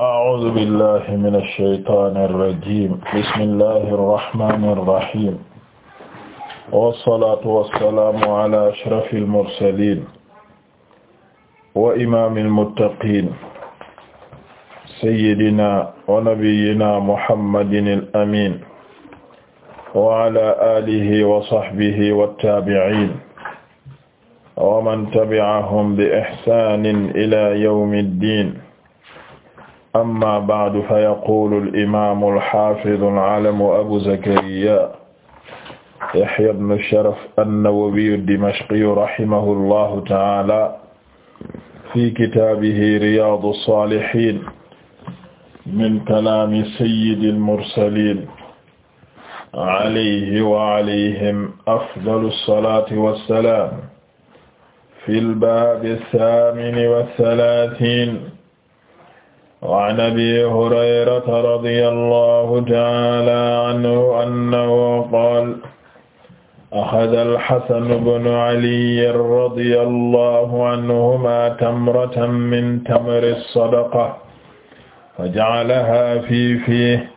أعوذ بالله من الشيطان الرجيم بسم الله الرحمن الرحيم والصلاة والسلام على أشرف المرسلين وإمام المتقين سيدنا ونبينا محمد الأمين وعلى آله وصحبه والتابعين ومن تبعهم بإحسان إلى يوم الدين amma ba'du fa yaqulu al-imaamu al-haafidu al-alamu abu zakariyaa yahya ibnu sharaf an-nawawiyyu ad-dimashqiyyu rahimahu llahu ta'aala fi kitaabihi riyaadu s-saalihiin min kalaami sayyidi al-mursaliin alayhi wa alayhim afdalu s-salaati wa s-salaam fil baabi s-saamini wa s-salaasiin waan abi hurayrata radiyallahu ta'ala anhu annahu qaala axada alxasan bnu caliyyin radiyallahu anhumaa tamratan min tamri sadaqa fajacalahaa fii fiihi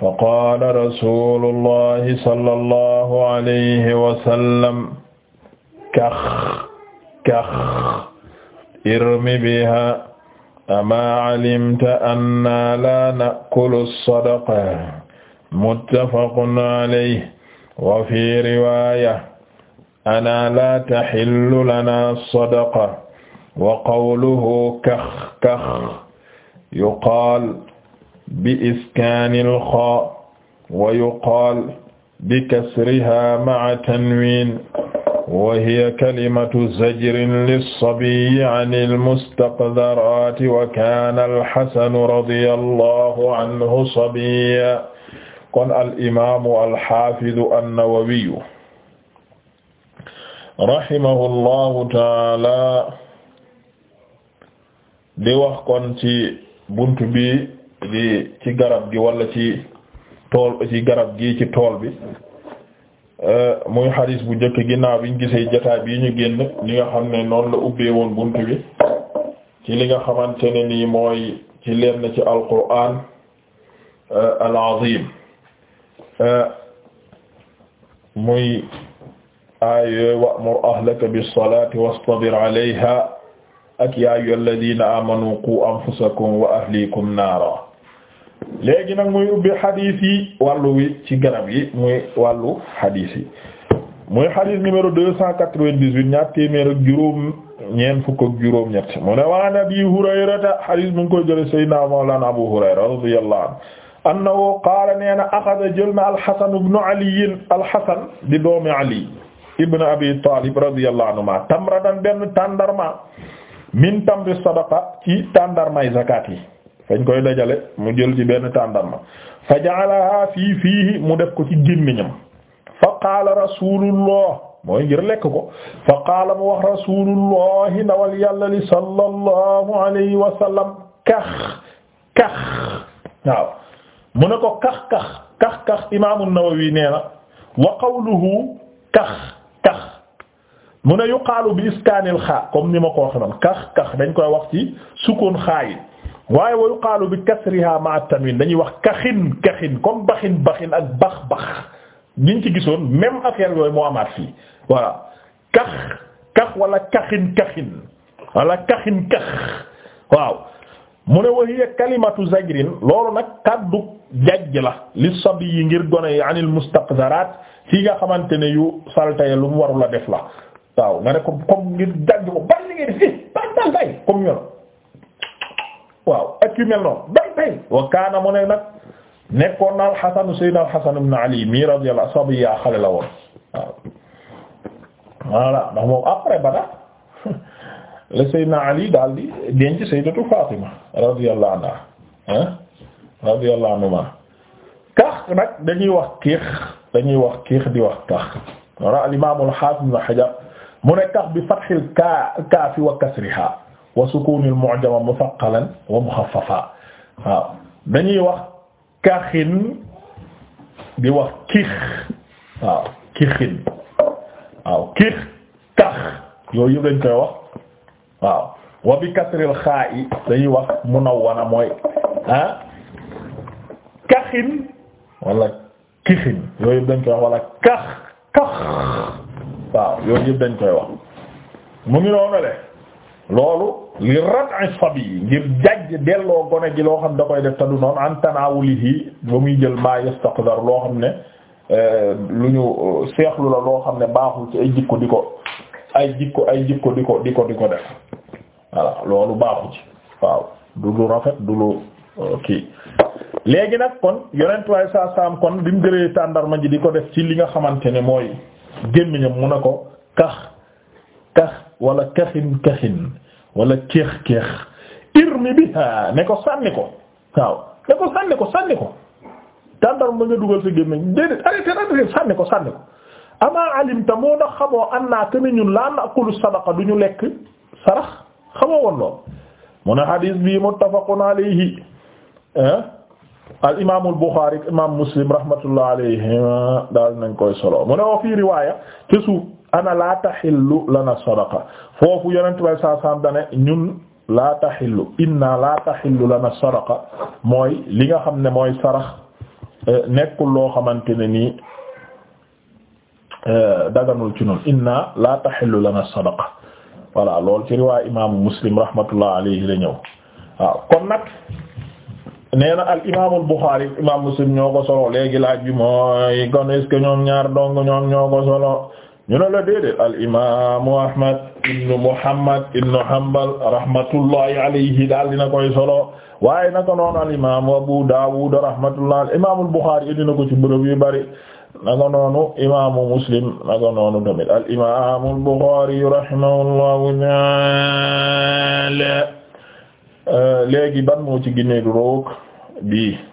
faqaala rasuulullahi sallallahu alayhi wa sallam kax kax irmi bihaa amaa calimta annaa laa na'kulu sadaqa muttafaqun alayhi wa fi riwaaya ana laa taxillu lanaa sadaqa wa qawluhu kax kax yuqaal bi iskaanil xaa wa yuqaal bi kasrihaa ma'a tanwiin wa hiya kalimatu zajrin lissabiyyi ani almustaqdaraati wa kaana alxasanu radiyallahu anhu sabiyyan kon al'imaamu alxaafidu annawawiyu rahimahullahu taala di wax kon ci buntu bi di ci garab gi wala ci tool ci garab gi ci tool bi. Euh, muy xadis bu njëkk ginnaaw biñ gisee jotaay bii ñu génn li nga xam ne noonu la ubbee woon bunt bi ci li nga xamante ne nii mooy ci lenn ci alquraan euh, al azim euh, muy aay wa'mur ahlaka bis-salaati wastabir alayha ak yaa ayyuhal-ladiina aamanuu quu anfusakum wa ahliikum naara léegi nag muy ubbi xadiis yi wàllu wi ci garab yi muy wàllu xadiis yi muy xadiis numéro deux cent quatre-vingt-dix-huit ñaar téeméer ak juróom ñeent fukk ak juróom ñett mu ne waan Abi Hurayrata xadiis mu ngi koy jële Seydina Mawlana Abu Hurayra radiyallahu anhu annahu qaala nee na axada jël na alxasan ibnu aliyin alxasan di ali ibnu abi talib radiyallahu anhuma tamratan benn tàndarma min tamri sadaqa ci tàndarmay zakat yi dañ koy dajale mu jël ci benn tàndarma fa ja'alaha fii fiihi mu def ko ci gémmiñam fa qaala rasulullah mooy ngir lekk ko fa qaala mu wax rasulullah ndawal yàlla li sallallahu alayhi wa kax kax waaw mu ne ko kax kax kax kax imaamu Nawawi nee na wa qawluhu kax kax mu ne yuqaalu bi iskaanil xaa comme ni ma ko waxee noonu kax kax dañ koy wax ci sukkoon xaa waaye wa yuqaalu bi kasriha ma'a tanwin dañuy wax kaxin kaxin comme baxin baxin ak bax bax giñ ci gisoon même affaire yooyu moo amaat fii voilà kax kax wala kaxin kaxin wala kaxin kax waaw mu ne wa hiya kalimatu zajrin loolu nag kaddu jajj la li sabi yi gone yi anil mustaqzaraat fii nga xamante ne yu salta lu mu warul a def la waaw nga ne ko comme ngir jajj ko ban li ngeen fi ban ban bay waaw ak yu mel noonu bay bay wa kaana mu ne nag nekkoon na alxasanu sayyidna alxasan ibn ali mi radiyallahu sabiya xale la woon waaw voilà ndax moom après bada le sayyidna ali daal di denc sayyidatu fatima radiyallahu anha ah radiyallahu anhuma kax nag dañuy wax kéex dañuy wax kéex di wax kax wala al imam al hafiz ibn hajar mu ne kax bi fathil kaa kaafi wa kasriha wa sukuunil mu'jama muthaqalan wa mukhaffafa waaw dañuy wax kaxin di wax kix waaw kixin waaw kix kax yooyu yëpp dañ koy wax waaw wa bi kasril xaa'i dañuy wax munawwana mooy ah kaxin wala kixin yooyu yëpp dañ koy wax wala kax kax waaw yooyu yëpp dañ koy wax mu ngi noonu le loolu li rat'i yi ngir jajj delloo gone gi loo xam da koy def te du noonu an tanaawulihi ba muy jël maa yastaqdar loo xam ne eh, lu ñu eh, seexlu la loo xam ne baaxul ci ay jikko di ko ay jikko ay jikko di ko di ko def voilà loolu baaxul ci waaw du lu rafet du lu eh, kii léegi nag kon yonentuwaay saa saam kon bi mu tàndarma ji di ko def ci li nga xamante ne mooy gémmiñam mu ne ko kax kax wala kaxin kaxin wala keex keex irmi biha ne ko sànni ko waaw ne ko sànni ko sànni ko tàndar ma nga dugal sa gémmiñ déedéet arrêté arrêté sànni ko sànni ko amaa alimta moo ndax xamoo annaa te ni ñun laa naqulu sadaqa du ñu lekk sarax xamoo woon lool mu ne xadiis bi muttafaqun alayhi al imaam buxaari imaam muslim rahmatullah alayhima nañ koy solo mu ne wa fii riwaaya ci suuf ana la taxillu lana sadaqa foofu yonent bay saa saam dane ñun laa taxillu inna laa taxillu lana sadaqa mooy li nga xam ne mooy sarax eh, nekkul loo xamante ne nii eh, daganul ci noonu inna laa taxillu lana sadaqa voilà loolu ci riwaay imaamu muslim rahmatullah alayhi la ñëw waaw kon nag nee na al imaamul Buxaari muslim ñoo ko solo léegi laaj bi mooy kon est ñoom ñaar dong ñoom ñoo ko solo. ñu ne la déedéet al imaamu Ahmad ibnu Muhammad ibnu Hanbal rahmatullahi alayhi daal dina koy solo waaye naka noonu al Abu Dawud rahmatullahi al imaamu Bukhari ko ci bërëb yu bari naka noonu imaamu Muslim naka noonu tamit al imaamu Bukhari rahimahullahu ta'ala ban moo ci ginne du bi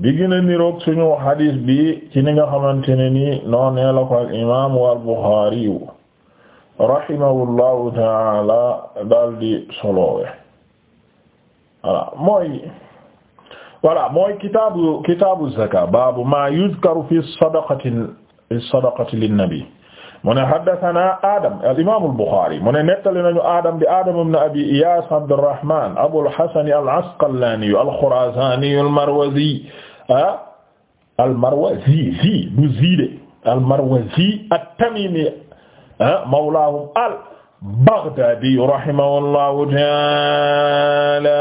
bi gën a niroog suñu hadis bi ci ni nga xamante ne ni noonee la ko al imaamu al Buxaari rahimahullahu taala daal di soloowe voilà mooy voilà mooy kitaabu kitaabu zaka baabu maa yuzkaru fi sadaqati fi sadaqati linnabi mu ne haddathana Adam al imaamu al Buxaari mu ne nettali nañu Adam bi Adam ibn Abi Iyaas Abdurrahmaan Abul Hasan al Asqalaani al Xuraasaani al Marwazi ah al-Marwazi zi du zi de al-Marwazi at-Tamimi ah mawlaahum al-Baghdadi rahimahullahu ta'ala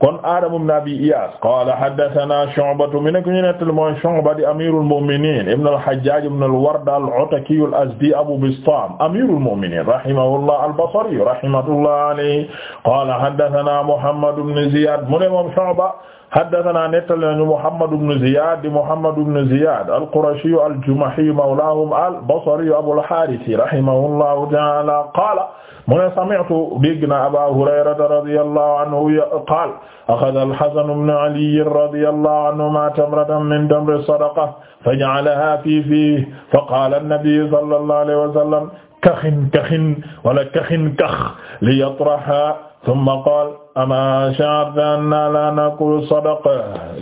kon Adam ibn Abi Iyas qala haddathana Shu'ba mi nekk ñu nettal mooy Shu'ba di amirul mu'minin ibn al-Hajjaj ibn al-Ward al-Ataki al-Azdi Abu Bistam amirul mu'minin rahimahullah al-Basri rahmatullah alayhi qala haddathana Muhammad ibn Ziyad mu ne moom Shu'ba haddathana nettal nañu Muhammad ibn Ziyad di Muhammad ibn Ziyad al-Qurashi al-Jumahi mawlahum al-Basri Abu al-Harith rahimahullah ta'ala qala mu ne sami'tu dégg na Abaa Hurayrata radiyallahu anhu qaala akhadha al-Hasan ibn Ali radiyallahu anhumaa tamratan min tamri sadaqa faja'alahaa fii fiihi faqaala an-nabiyyu sallallahu alayhi wa sallam kaxin kaxin wala kaxin kax liyatraha thumma qaala amaa sha'arta annaa laa na'kulu sadaqa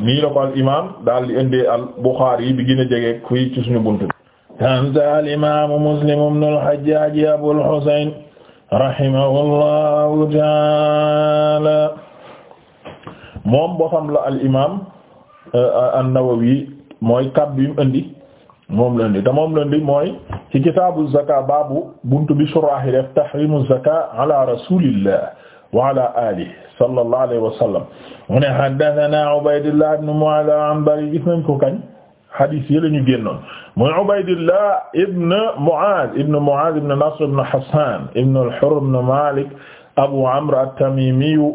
nii la ko al imaam daal di indi al Buxaari bi gën a jege kuy ci suñu buntu. Kaana al-imaamu Muslim ibn al-Hajjaaj Abul Husayn rahimahullahu taala moom boo xam la al imaam euh, an-Nawawi mooy kàddu yu mu indi moom la indi te moom la indi mooy ci kitaabu zaka baabu buntu bi surah yi def tahrimu zaka ala rasulillah wa ala alihi sallallahu alayhi wa sallam mu ne haddathana Ubaydullah ibn Mu'adh al-Anbari gis nañ ko kañ hadith yi la ñu génnoon muy Ubaydillah ibn Mu'aaz ibn Mu'aaz ibn Nasr ibn Hassaan ibn al-Hurr ibn Maalik Abu Amr at-Tamiimiyu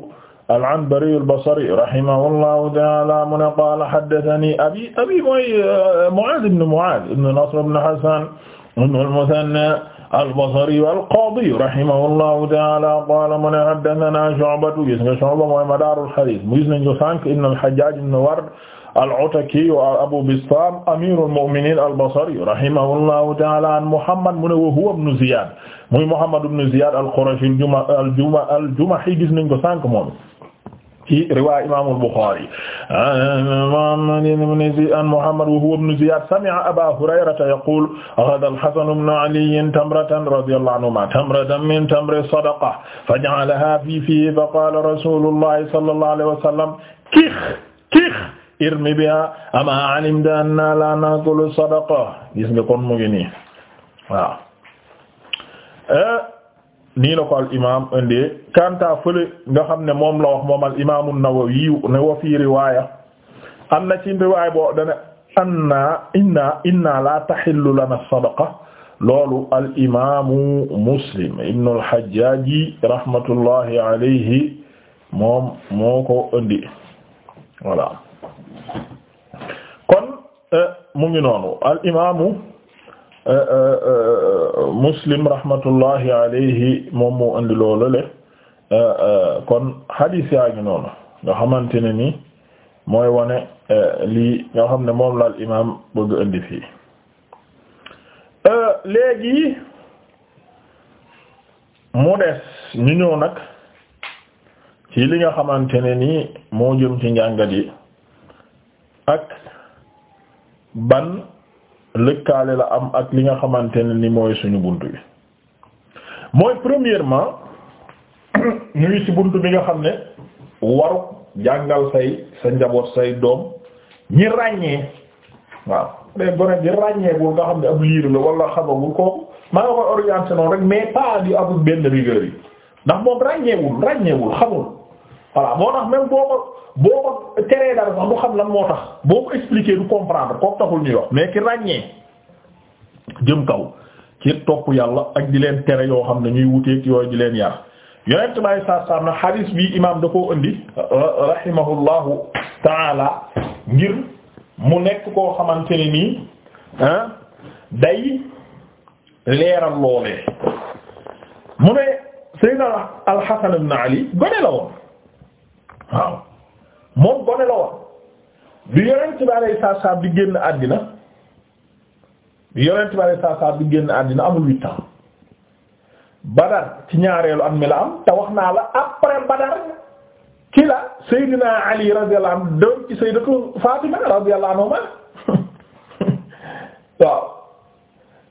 al-Anbariyu al-Basriyu rahimahullahu ta'aala mu ne qaala haddathanii abii abii mooy euh, Mu'aaz ibn Mu'aaz ibn Nasr ibn Hassaan ibn al-Muthannaa al-Basriyu al-Qaadiyu rahimahullahu ta'aala qaala mu ne haddathanaa Shu'batu gis nga Shu'ba mooy madaarul hadiis mu gis nañ ko sànq ibn al-Hajjaaj ibn Ward al-Ataki wa Abu Bistam amirul mu'minin al-Basri rahimahullahu ta'ala an Muhammad mu ne wa huwa ibn Ziyad muy Muhammad ibn Ziyad al-Qurashi al-Juma al-Juma al-Jumahi gis nañ ko sànq moom ci riwaaya Imaamul Buxaari Muhammad ibn Ziyad an Muhammad wa huwa ibn Ziyad sami'a Abaa Hurayrata yaquulu ghadaa al-Hasan ibn Ali tamratan radiyallahu anhumaa tamratan min tamri sadaqa faja'alahaa fii fiihi faqaala rasuulullahi sallallahu alayhi wa sallam kix kix irmi biha ama alimta anna la nakulu sadaqa gis nga mu ngi nii waaw eh, nii la ko al imam kanta fële nga xam ne moom la wax moom al fi riwaya am na ci riwaaya boo dana anna la tahillu lana sadaqa Muslim ibnu al-Hajjaji rahmatullahi alayhi moom moo ko indi Euh, mu ngi noonu al imaamu euh, euh, muslim rahmatullahi alayhi moom moo andi loolu le kon hadis yaa ngi noonu nga xamante ne ni mooy wane lii nga xam ne moom la al bëgg indi fii léegi mu des ñu ñëw nag ci li nga xamante ne ni moo jëm ci njàngat yi ak. ban lëkkaale la am ak li nga xamante ne ni mooy suñu bunt bi mooy premièrement ñu ngi ci bunt bi nga xam ne waru jàngal say sa njaboot say doom ñi ràññee waaw des gone di ràññee nga xam ne ab liir la wala xamagul kooku maa nga koy orienté noonu rek mais pas di abul benn rigueur yi ndax moom ràññeewul ràññeewul xamul voilà moo tax même boo ko ko teree dara sax du xam lan moo tax boo ko expliquer du comprendre kooku taxul ñuy wax mais ki ràññee jëm kaw ci topp yàlla ak di leen tere yoo xam ne ñuy wuteeg yooyu di leen yar yonent bi alayhi salaatu salaam na xadiis bi imaam da koo indi rahimahullahu taala ngir mu nekk koo xamante ne nii ah, day leeral loolee mu ne Seydina Al Hasan ibn Ali gone la woon waaw moom gone la woon bi yonent bi alayhi salaam bi génn àddina bi yonent bi alayhi salaam bi génn àddina amul huit ans Badar ci ñaareelu at mi la am te wax naa la après Badar ki Seydina Ali radiyallahu anhu doon ci Sayyidatu Fatima radiyallahu anha waaw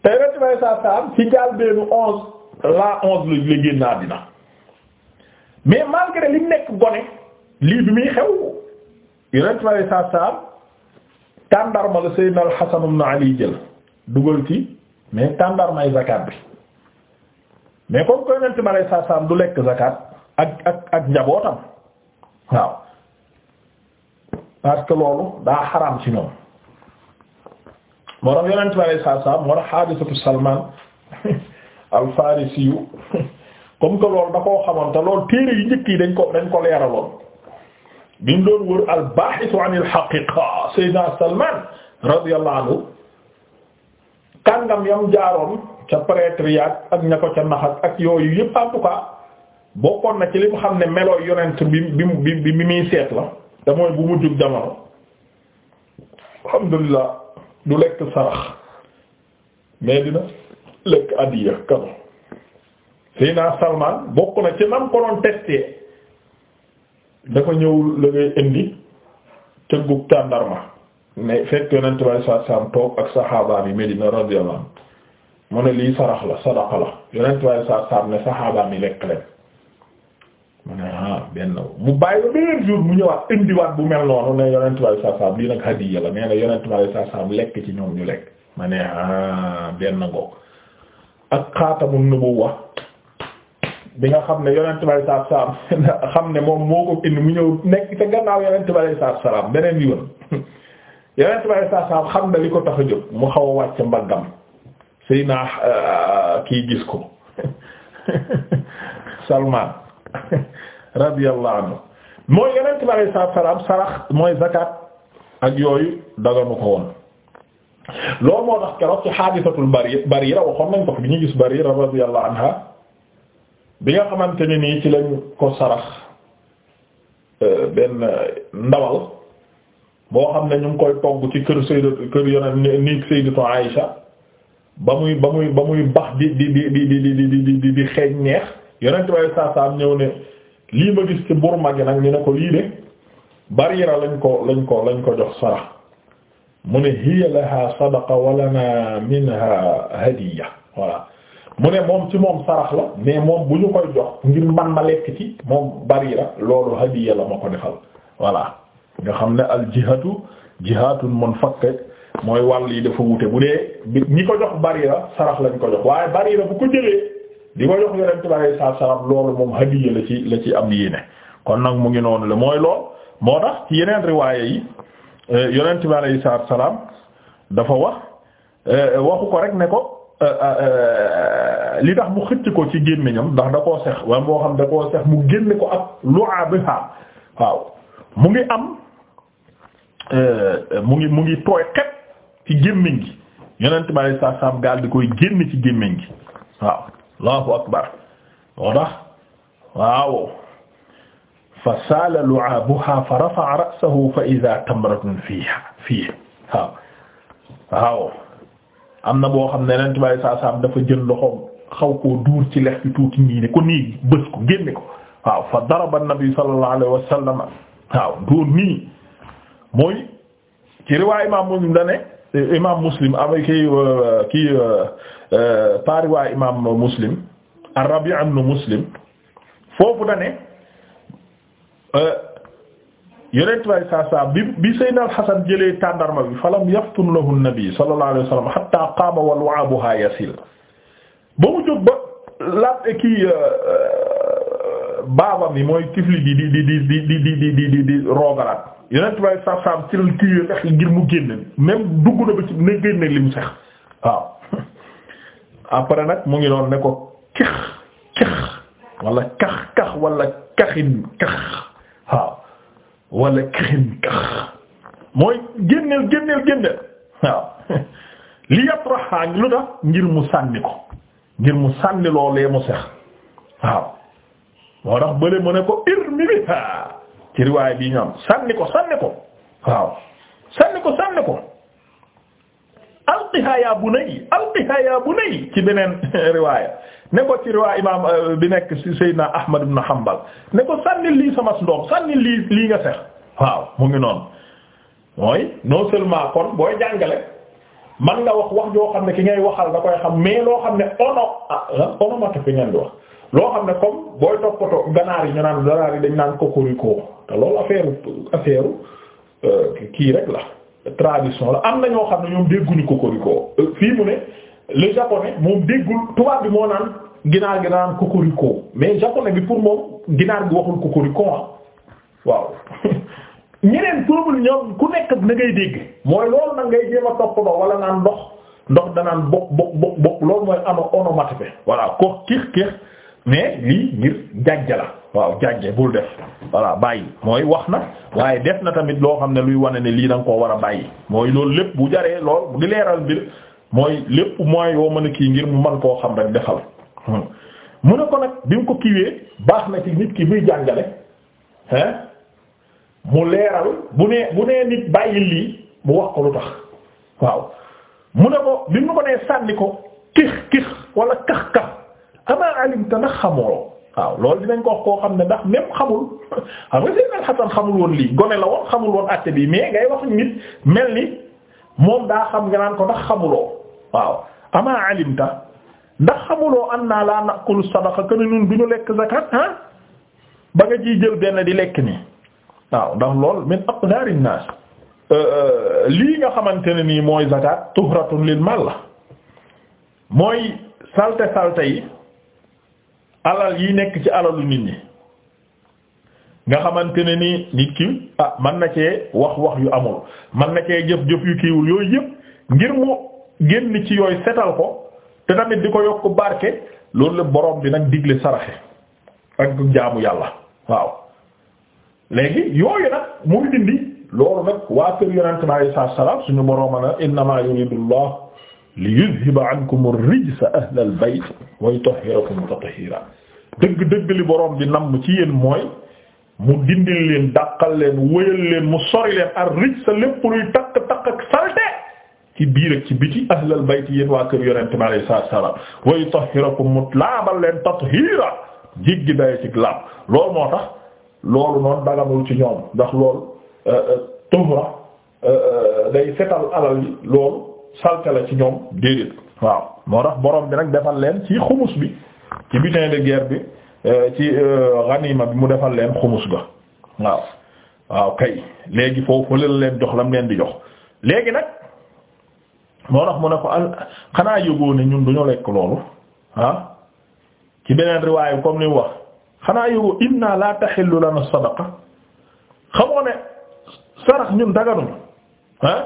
te yonent bi alayhi salaam ci jaal beenu onze la onze la génn àddina mais malgré li nekk gone lii bi muy xew yonent bi saa tàndarma la Seydina al-Hasan ibn Ali jël dugal ci mais tàndarmay zakat bi mais comme que yonent bi saa saam du lekk zakat ak ak ak njabootam waaw parce que loolu daa xaraam ci ñoom moo tax yonent bi saa moo tax xaadisatu Salmaan al-Faarisiyu comme que loolu da koo xamoon te loolu téere yi njëkk yi dañ ko dañ ko leeraloon. bi ñu doon wër al-baahith an al-haqiqa Seydina Salman radiyallahu anhu kàngam yam jaaroon ca prêtre ak ña ko ca naxat ak yooyu yëpp en tout bokkoon na ci li mu xam ne melo yonent bi bi bi bi bu mu jug jamono alhamdulilah du lekk sarax mais lekk adiya kano Seydina Salman bokk na ci nam ko dafa ñëw la ngay indi tëggug tàndarma mais fekk yonent bi toog ak saxaabaan yi Medina radiyallahu anhu mu ne lii sarax la sadaqa la yonent bi saa saam ne saxaabaan yi lekk leen mu ne ah benn mu bàyyi ba benn jour mu ñëwaat indiwaat bu mel noonu ne yonent bi lii nag hadiya la nee na yonent lekk ci ñoom ñu lekk ma ne ah benn ngoog ak xaatamu nubuwwa bi nga xam ne yonent bi saa salaam xam ne moom moo ko indi mu ñëw nekk te gannaaw yonent bi saa salaam beneen yoon yonent bi saa salaam xam ne li ko tax a jóg mu xaw a wàcc mbaggam sëy naa euh, kii gis ko Salman radiyallahu anhu mooy yonent bi saa salaam sarax mooy zakat ak yooyu daganu ko woon. loolu moo tax keroog ci xaadisatul Barira Barira waxoon nañ ko fi bi ñu gis Barira radiyallahu anha bi nga xamante ne nii ci lañ ko sarax euh, benn ndawal moo xam ne ñu ngi koy togg ci kër Sayyidat kër yonent ni Sayyidatu Aïsha ba muy ba muy ba muy bax di di di di di di xeeñ neex yonent way saasaam ñëw ne lii ma gis ci burma gi nag ñu ne ko lii de Bariira lañ ko lañ ko lañ ko jox sarax mu ne hiya laha sadaqa wa minha hadiya voilà mu ne moom ci moom sarax la mais moom bu ñu koy jox ngir man ma lekk ci moom barira loolu hadiya la ma ko defal voilà nga xam ne al jihatu jihatun munfakka mooy wàll yi dafa wute bu dee ñi ko jox barira sarax lañ ko jox waaye barira bu ko jëlee di ko jox yonent bi alayhi salaatu salaam loolu moom hadiya la ci la ci am yéene kon nag mu ngi noonu la mooy lool moo tax ci yeneen riwaaye yi euh, yonent bi alayhi salaatu salaam dafa wax euh, waxu ko rek ne ko Euh, euh, euh, li tax mu xëcc ko ci gémmiñam ndax da koo sex waaye moo xam da koo sex mu génn ko ak lu'abiha waaw mu ngi am mu ngi mu ngi tooy xet ci gémmiñ gi yonent bi alayhi salaam gaal di koy génn ci gémmiñ gi waaw allahu akbar moo tax waaw fa saala lu'abuha fa rafa'a ra'sahu fa idha tamratun fiha fiha waaw waaw am na boo xam ne ren tubaab saa saam dafa jël loxoom xaw koo duur ci lex bi tuuti nii ne ko nii bës ko génne ko waaw fa daraba nabi sallallahu alayhi wa waaw duur nii mooy ci riwaay imaam muslim da imaam muslim amee kii euh, kii euh, par riwaay imaam muslim ar-Rabi' ibn muslim foofu da yonent way saa saa bi bi Seydina Alxasan jëlee tàndarma bi falam yaftun lahu nabi sallallahu alayhi wa sallam hatta qaama yasil ba mu ba laaj kii baabam yi mooy tifli bi di di di di di di di di di di roogalaat yonent way saa saa ci lañ kii ngir mu génn même dugg na ba ne génne li mu sax waaw après nag mu ngi doon ne ko kex kex wala kax kax wala kaxin kax. wala këxin këx mooy génneel génneel génneel waaw li yatraha lu tax ngir mu sànni ko ngir mu sànni loolee mu sex waaw moo tax bële mu ne ko irmi biha ci riwaay bii ñoom sànni ko sànni ko waaw sànni ko sànni ko alqiha ya bunay alqiha ya bunay ci beneen riwaaya ne ko ci riwaay imam euh, bi nekk ci Seydina Ahmad ibn Hanbal ne ko sànni lii sama ndoom sànni lii lii nga sex waaw mu ngi noonu mooy non seulement kon booy jàngale man nga wax wax joo xam ne ki ngay waxal da koy xam mais loo xam ne ono ah, ah, onomatopée ngeen di wax loo xam ne comme booy toppatoo ganaar yi ñu naan ganaar yi dañ naan kokoriko te loolu affaire affaire euh, kii rek la tradition la am na ñoo xam ne ñoom dégguñu kokoriko euh, fii mu ne le japonais moom déggul tubaab bi moo naan ginaar gi naan kokoriko mais japonais bi pour moom ginaar gi waxul kokoriko ah waaw ñeneen trouble ñoom ku nekk na ngay dégg mooy loolu nag ngay jéem topp ba wala naan ndox ndox danaan bokk bokk bokk bokk loolu mooy ama onomatopée ko kiix kiix mais waaw jàjje bul def bàyyi mooy wax na waaye def na tamit loo xam ne luy wane ne lii da nga koo war a bàyyi mooy loolu lépp bu jaree lool di leeral mbir mooy lépp mooy yoo mën a kii ngir mu mën koo xam rek defal hmm. mu ne ko nag bi mu ko kiiwee baax na ci nit ki buy jàngale hein mu leeral bu nee bu nee nit bàyyi lii mu wax ko lu tax waaw mu ne ko bi mu ko nee sànni ko kix kix wala kax kax amaa alimta ndax xamoo waaw loolu dinañ ko wax koo xam ne ndax même xamul xam woon lii gone la woon xamul woon àtte bi mais ngay wax nit mel ni moom daa xam nga naan ko ndax xamuloo waaw amaa alimta ndax xamuloo an naa laa naqulu sadaqa que ñun duñu lekk zakat ah ba nga ciy jël benn di lekk nii. waaw ndax lool min aqdarin nas euh, euh, lii nga xamante ne nii mooy zakat tuhratun lil mal la mooy salte salte yi alal yi nekk ci alalu nit ñi nga xamante ne nii nit ki ah man na cee wax wax yu amul man na cee jëf-jëf yu kiiwul yooyu yëpp ngir mu génn ci yooyu setal ko te tamit di ko yokk barke loolu la borom bi nag digle saraxe ak jaamu yàlla waaw léegi yooyu nag muy dindi loolu nag waa kër yonente mi alayhi salaatu wa salaam suñu borooma na innamaa yuriidu llaahu li yuzhiba ankum ar-rijsa ahlal bayt wa yutahhirakum tathiiraa dëgg dëgg li boroom di namm ci yéen mooy mu dindil leen dàqal leen wëyal leen mu sori leen ar-rijsa lépp luy takk takk ak salte ci biir ak ci biti ahlal bayt yéen waa kër yonente mi alayhi salaatu wa salaam wa yutahhirakum mu laabal leen tathiiraa jéggi dayo ci laab loolu moo tax loolu noonu daganul ci ñoom ndax loolu euh, euh, tuhra euh, day setal alal yi loolu salte la ci ñoom déedéet waaw moo tax boroom bi nag defal leen ci xumus bi ci butin de guerre bi ci ganima bi mu defal leen xumus ga waaw waaw kay léegi foofu la leen jox lam leen di jox léegi nag moo tax mu ne ko al xanaa yógoo ni ñun duñu lekk loolu ah ci beneen riwaayu comme ni wax xanaa yóbbu inna la tahillu lana sadaqa xamoo ne sarax ñun daganuñu ah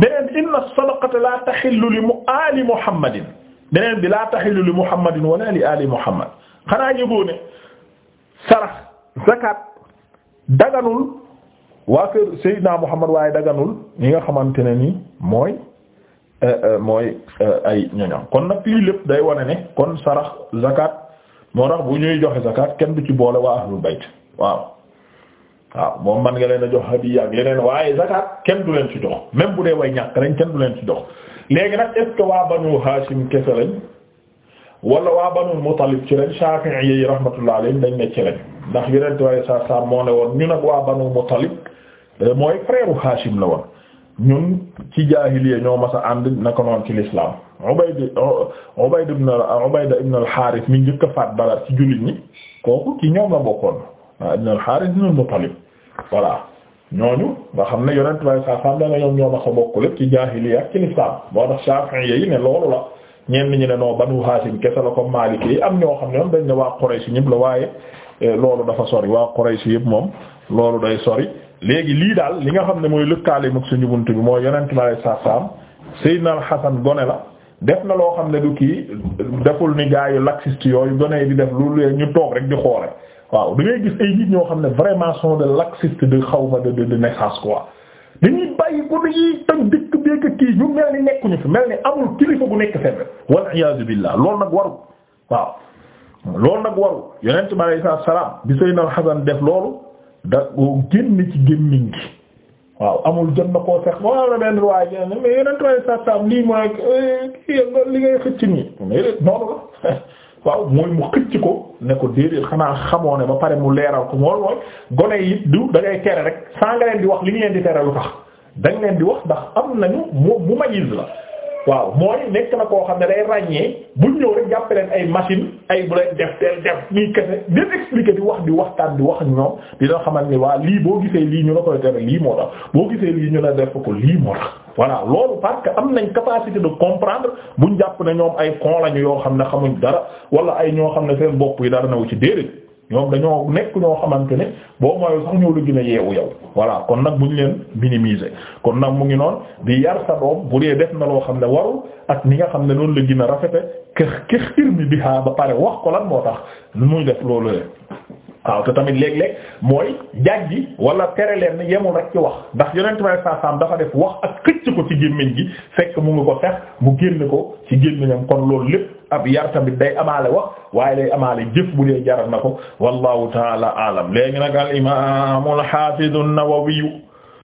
beneen inna sadaqata la tahillu li mu ali muhammadin beneen bi la tahillu li muhammadin wala li ali muhammad xanaa yóbbu ne sarax zakat daganul waa kër Seydina Muhammad waaye daganul ñi nga xamante ne ni mooy euh, euh, mooy euh, ay ñoñam kon nag lii lépp day wane ne kon sarax zakat. moo tax bu ñuy joxe zakat kenn du ci boole waa ahlul bayt waaw waaw moom man nga leen a jox hadiya ak leneen waaye zakat kenn du leen ci jox même bu dee way ñàkk lañ kenn bu leen ci jox léegi nag est ce que waa banu hashim kese lañ wala waa banu mutalib ci lañ shafi'i yi rahmatullah alayhim dañ ne ci lañ ndax yeneen tuwaay saa saa moo ne woon ñu nag waa banu mutalib mooy frère hashim la woon. ñun ci jaahiliya ñoo mas ànd naka noon ci l'islam Ubayd Ubayd ibn Ubayd ibn al-Harith mi njëkk a faat Badar ci jullit ñi kooku ci ñoom la bokkoon waaw ah, ibn al-Harith ibn al-Muttalib voilà ñooñu nga xam ne yonent way sa xam dana ñoom ñoo mas a bokk lépp ci jaahiliya ak ci l'islam moo tax Shafi'i yi ne loolu la ñenn ñi ne noo Banu Hashim kese la ko Maliki yi am ñoo xam ne moom dañ ne waa Quraysh ñëpp la waaye eh, loolu dafa sori waa Quraysh yëpp moom loolu day sori léegi lii daal li nga xam ne mooy lëkkaale mag suñu bunt bi mooy yonent bi alayhi salaam Seydina Al-Hasan gone la def na loo xam ne du kii deful ni gaa yu laxiste yooyu gone yi di def loolu ñu toog rek di xoole waaw da ngay gis ay nit ñoo xam ne vraiment sont de laxiste de xaw ma de de naissance quoi dañuy bàyyi bu dañuy tënk dëkk beeg kii ñu mel ni nekkuñu fi mel ni amul kilifa bu nekk seen wet. wal iyaazu billaah loolu nag waru waaw loolu nag waru yonent bi alayhi salaam bi Seydina Al-Hasan da génn ci gémmiñ gi waaw amul jot na koo fex wala la benn waaye jënd mais yeneen trois cent ans lii mooy eh, kii li ngay xëcc nii mais noonu la waaw mooy mu xëcc ko ne ko déedéet xanaa xamoo ne ba pare mu leeral ko mool mooy gone yi du da kere rek saa nga leen di wax li ñu leen di tere lu tax dañ leen di wax ndax am nañu mu mu majiz la. waaw mooy nekk na koo xam ne day ràññee bu ñëw rek jàppe leen ay machine ay bu leen def teel def nii kese den expliqué di wax di waxtaan di wax ñoom dina xamal ni waa lii boo gisee lii ñu la koy tere lii moo tax boo gisee lii ñu la def ko lii moo tax voilà loolu parce que am nañ capacité de comprendre buñ jàpp ne ñoom ay kon lañu yoo xam ne xamuñ dara wala ay ñoo xam ne seen bopp yi dara nawu ci déedéet ñoom dañoo nekk ñoo xamante ne boo mooyul sax ñoo la gën a yeewu yow voilà kon nag bu ñu leen minimiser kon nag mu ngi noon di yar sa doom bu dee def na loo xam ne warul ak ni nga xam ne noonu la gën a rafete ke ke xir mi bi ha ba pare wax ko lan moo tax muy def loolu waaw te tamit léeg-léeg mooy jàjji wala tere leen yemul rek ci wax ndax yonent bi saa dafa def wax ak xëcc ko ci gémmiñ gi fekk mu ngi ko fex mu génn ko ci gémmiñam kon loolu lépp ab yar bi day amaale wax waaye day amaale jëf bu dee jaral na ko wallahu taala alam léegi nag al imaamul xaafidu Nawawi